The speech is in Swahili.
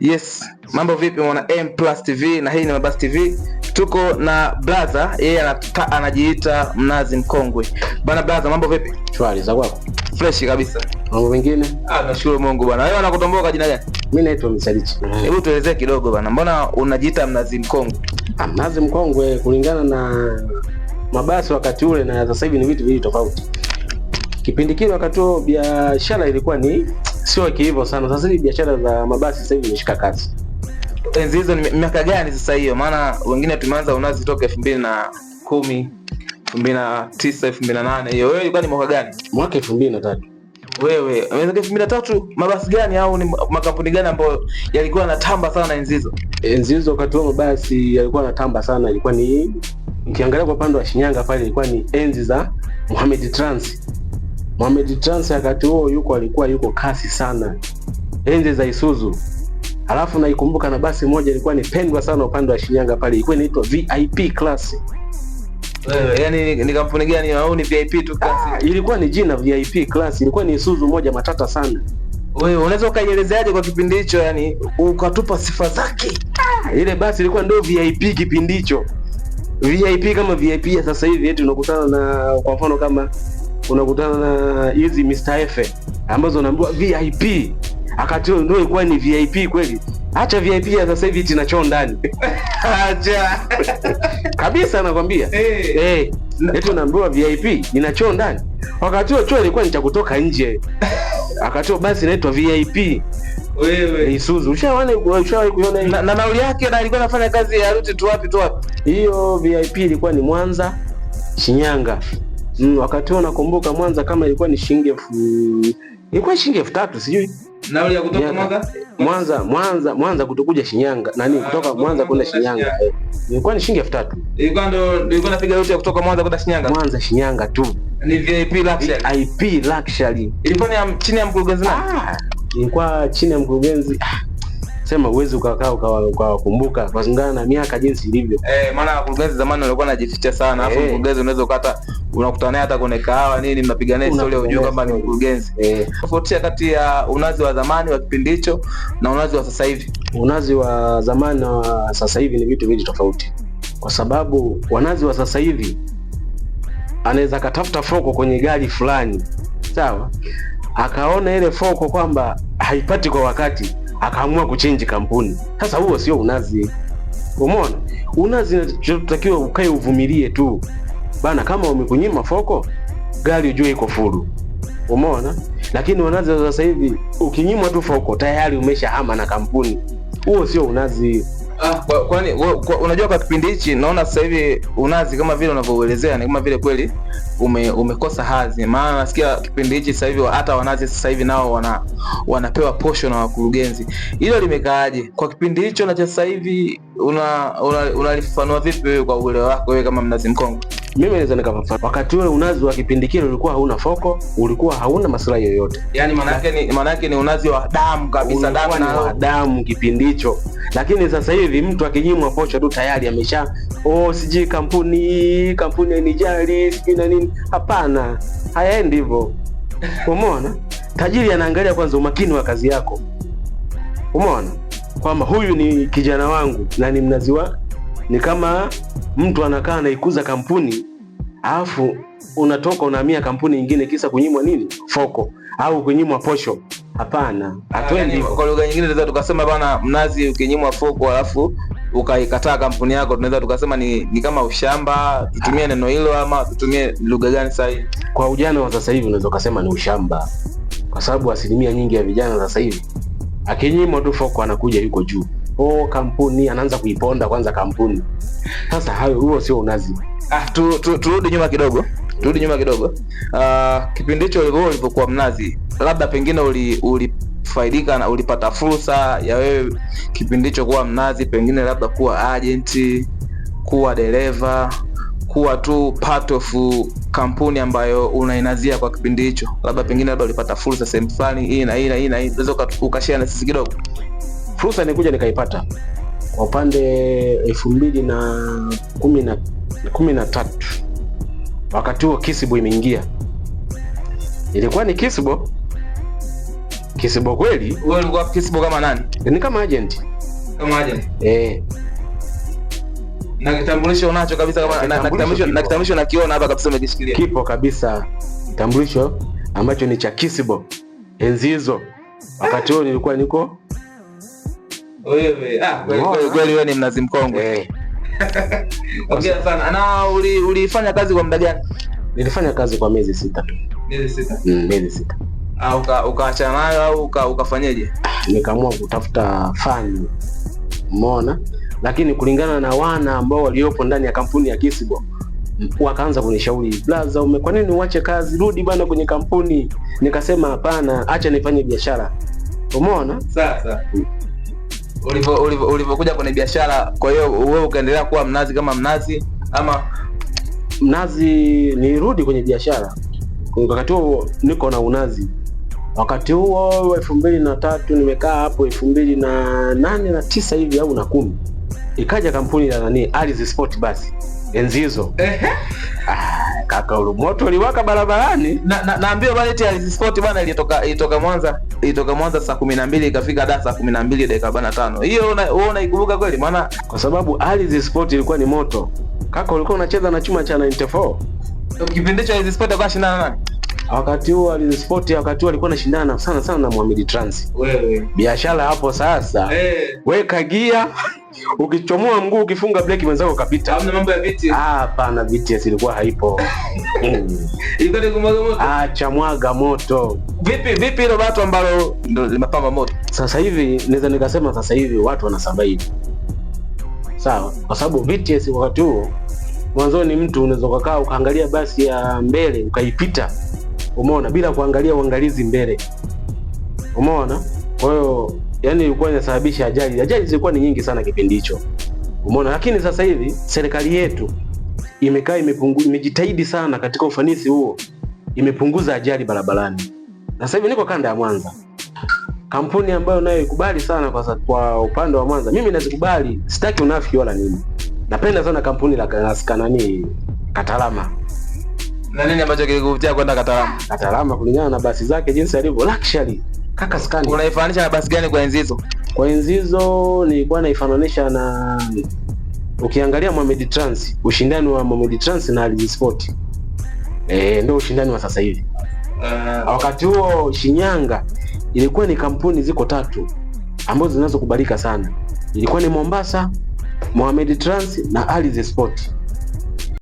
Yes, mambo vipi mwana M Plus TV, na hii ni Mabasi TV. Tuko na brother, yeye anajiita Mnazi Mkongwe bana. Brother, mambo vipi? Shwari, za kwako? Fresh kabisa. Mambo mengine? Ah, nashukuru Mungu bana. Wewe unakutomboa jina gani? Mimi naitwa Msalichi. Hebu tuelezee kidogo bana, mbona unajiita Mnazi Mkongwe? Ah, Mnazi Mkongwe kulingana na mabasi wakati ule na sasa hivi ni vitu viwili tofauti. Kipindi kile wakati huo biashara ilikuwa ni sio kihivyo sana. Sasa hivi biashara za mabasi sasa hivi imeshika kasi. Enzi hizo ni miaka gani sasa hiyo? Maana wengine tumeanza unazi toka elfu mbili na kumi elfu mbili na tisa elfu mbili na nane hiyo. Wewe ni mwaka gani? Mwaka elfu mbili na tatu wewe elfu mbili na tatu mabasi gani au ni makampuni gani ambayo yalikuwa yanatamba sana enzi hizo? Enzi hizo wakati huo mabasi yalikuwa yanatamba sana, ilikuwa ni ukiangalia kwa upande wa Shinyanga pale ilikuwa ni enzi za Mohamed Trans Mohamed Trans wakati huo yuko alikuwa yuko kasi sana, enzi za Isuzu. Alafu naikumbuka na basi moja ilikuwa ni pendwa sana upande wa Shinyanga pale, ilikuwa inaitwa VIP class. Wewe, yani ni kampuni gani au ni VIP tu ah, class? Ah, Ilikuwa ni jina VIP class, ilikuwa ni Isuzu moja matata sana. Wewe unaweza ukaielezeaje kwa kipindi hicho, yani ukatupa sifa zake? Ah, Ile basi ilikuwa ndio VIP kipindi hicho. VIP kama VIP ya sasa hivi eti unakutana na kwa mfano kama unakutana na hizi Mr. Efe ambazo unaambiwa VIP, akati ndio ilikuwa ni VIP kweli. Acha VIP ya sasa hivi tina choo ndani acha kabisa, nakwambia Eh. hey. Eh, hey. Eti unaambiwa VIP ina choo ndani, wakati huo choo ilikuwa ni cha kutoka nje akati basi inaitwa VIP. Wewe Hey, eh, Isuzu ushawahi ushawahi kuiona na, na nauli yake na alikuwa anafanya kazi ya route tu wapi tu wapi? Hiyo VIP ilikuwa ni Mwanza, Shinyanga Mm, wakati huo nakumbuka Mwanza kama ilikuwa ni shilingi elfu ilikuwa shilingi elfu tatu sijui nauli ya kutoka Mwanza Mwanza Mwanza Mwanza kutokuja Shinyanga nani ah, kutoka Mwanza kwenda Shinyanga ilikuwa ni shilingi elfu tatu ilikuwa ndo ilikuwa napiga yote kutoka Mwanza kwenda Shinyanga Mwanza Shinyanga tu ni VIP luxury VIP luxury ilikuwa ni chini ya mkurugenzi nani ah ilikuwa chini ya mkurugenzi ah sema uwezi ukakaa ukawakumbuka kulingana na miaka jinsi ilivyo. Eh, maana wakurugenzi zamani walikuwa wanajificha sana, alafu eh. mkurugenzi unaweza ukata unakutana naye hata kwenye kahawa nini, mnapigana historia, hujui kwamba ni eh. mkurugenzi. Eh. Tofautisha kati ya unazi wa zamani wa kipindi hicho na unazi wa sasa hivi. Unazi wa zamani na sasa hivi ni vitu vingi tofauti, kwa sababu wanazi wa sasa hivi anaweza katafuta foko kwenye gari fulani, sawa, akaona ile foko kwamba haipati kwa wakati akaamua kuchenji kampuni. Sasa huo sio unazi, umeona? Unazi unachotakiwa ukae uvumilie tu bana, kama umekunyima foko gari ujue iko furu, umeona? Lakini wanazi sasa hivi ukinyimwa tu foko tayari umeshahama na kampuni. Huo sio unazi. Ah, kwa, kwa, unajua kwa kipindi hichi naona sasa hivi unazi kama vile unavyoelezea ni kama vile kweli ume, umekosa hazi maana nasikia kipindi hichi sasa hivi hata wanazi sasa hivi nao wana, wanapewa posho na wakurugenzi. Hilo limekaaje kwa kipindi hicho na cha sasa hivi? Unalifafanua una, una vipi wewe kwa uelewa wako wewe kama mnazi mkongwe? mimi naweza nikafafanua. Wakati ule unazi wa kipindi kile ulikuwa hauna foko, ulikuwa hauna maslahi yoyote, yani manake ni, manake ni unazi wa damu kabisa, damu na wa damu kipindi hicho. Lakini sasa hivi mtu akinyimwa posho tu tayari amesha oh, sijui kampuni kampuni inijali sijui na nini. Hapana, hayaendi hivyo. Umeona, tajiri anaangalia kwanza umakini wa kazi yako, umeona kwamba huyu ni kijana wangu na ni mnazi wa ni kama mtu anakaa anaikuza kampuni alafu unatoka unahamia kampuni nyingine kisa kunyimwa nini foko au kunyimwa posho. Hapana, hatuendi yani, Kwa lugha nyingine tunaweza tukasema bana, mnazi ukinyimwa foko alafu ukaikataa kampuni yako, tunaweza tukasema ni, ni kama ushamba. Tutumie neno hilo ama tutumie lugha gani sahihi? Kwa ujana wa sasa hivi unaweza ukasema ni ushamba, kwa sababu asilimia nyingi ya vijana sasa hivi akinyimwa tu foko anakuja yuko juu oh, kampuni anaanza kuiponda kwanza kampuni. Sasa hayo huo sio unazi. Ah, tu, tu, turudi nyuma kidogo, turudi nyuma kidogo. Uh, kipindi hicho ulivyokuwa mnazi, labda pengine uli, uli faidika na ulipata fursa ya wewe kipindi hicho kuwa mnazi, pengine labda kuwa agent, kuwa dereva, kuwa tu part of kampuni ambayo unainazia kwa kipindi hicho, labda pengine labda ulipata fursa sehemu fulani hii na hii na hii na hii, unaweza ukashare na sisi kidogo? fursa nikuja nikaipata kwa upande elfu mbili na kumi na, tatu wakati huo Kisibo imeingia, ilikuwa ni Kisibo Kisibo kweli. Wewe ulikuwa Kisibo kama nani? Ni kama agent, kama agent eh na kitambulisho unacho kabisa kama na kitambulisho na, na kitambulisho nakiona hapa kabisa umekishikilia. Kipo kabisa kitambulisho ambacho ni cha Kisibo enzi hizo, wakati huo nilikuwa niko Ah, kweli wewe ni mnazi mkongwe. Eh. ulifanya kazi kwa muda gani? Nilifanya kazi kwa miezi sita tu. Miezi sita? Mm, ah, ukaachana nayo au ukafanyeje? ukafanyaje? Nikaamua kutafuta fani. mona, Lakini kulingana na wana ambao waliopo ndani ya kampuni ya Kisibo mm, wakaanza kunishauri blaza, ume kwa nini uache kazi, rudi bana kwenye kampuni. Nikasema hapana, acha nifanye biashara. Umeona? Sasa ulivyokuja kwenye biashara. Kwa hiyo wewe ukaendelea kuwa mnazi kama mnazi ama mnazi? Nirudi kwenye biashara wakati huo, niko na unazi wakati huo elfu mbili na tatu nimekaa hapo elfu mbili na nane na tisa hivi au na kumi ikaja kampuni ya nani Alizi Sport basi enzi hizo ah, kaka, ulimoto uliwaka barabarani. Naambiwa na, na bana eti Alizi Sport bana ilitoka ilitoka Mwanza itoka Mwanza saa kumi na mbili ikafika da saa kumi na mbili dakika arobaini na tano hiyo unaikumbuka kweli? Maana kwa sababu Alizi Sport ilikuwa ni moto. Kaka, ulikuwa unacheza na chuma cha 94 kipindi cha Alizi Sport, akashindana nani wakati huo Alizi Sport? Wakati huo alikuwa anashindana sana sana na Mohamed Trans. Wewe biashara hapo sasa, hey. Eh. weka gia ukichomoa mguu ukifunga breki mwenzako kapita. Hamna mambo ya BTS. Ah, hapana, BTS ilikuwa haipo. Ilikuwa ni kumwaga moto. Ah, mwaga moto. Vipi vipi hilo watu ambalo ndo limepamba moto. Sasa hivi naweza nikasema sasa hivi watu wanasabaidi Sawa, kwa sababu BTS wakati huo mwanzoni, mtu unaweza kukaa ukaangalia basi ya mbele ukaipita, umeona, bila kuangalia uangalizi mbele, umeona. Kwa hiyo yani ilikuwa inasababisha ajali. Ajali zilikuwa ni nyingi sana kipindi hicho, umeona. Lakini sasa hivi serikali yetu imekaa imepungu, imejitahidi sana katika ufanisi huo, imepunguza ajali barabarani. Na sasa hivi niko kanda ya Mwanza, kampuni ambayo nayo ikubali sana kwa, kwa upande wa Mwanza mimi nazikubali, sitaki unafiki wala nini. Napenda sana kampuni la kanani Katalama. Na nini ambacho kilikuvutia kwenda Katalama? Katalama kulingana na basi zake jinsi alivyo luxury Kaka Skani. Unaifananisha na basi gani kwa Enzizo? Kwa Enzizo nilikuwa naifananisha na ukiangalia Mohamed Trans, ushindani wa Mohamed Trans na Aliji Sport. Eh, ndio ushindani wa sasa hivi. Uh, wakati huo Shinyanga ilikuwa ni kampuni ziko tatu ambazo zinazokubalika sana. Ilikuwa ni Mombasa, Mohamed Trans na Aliji Sport.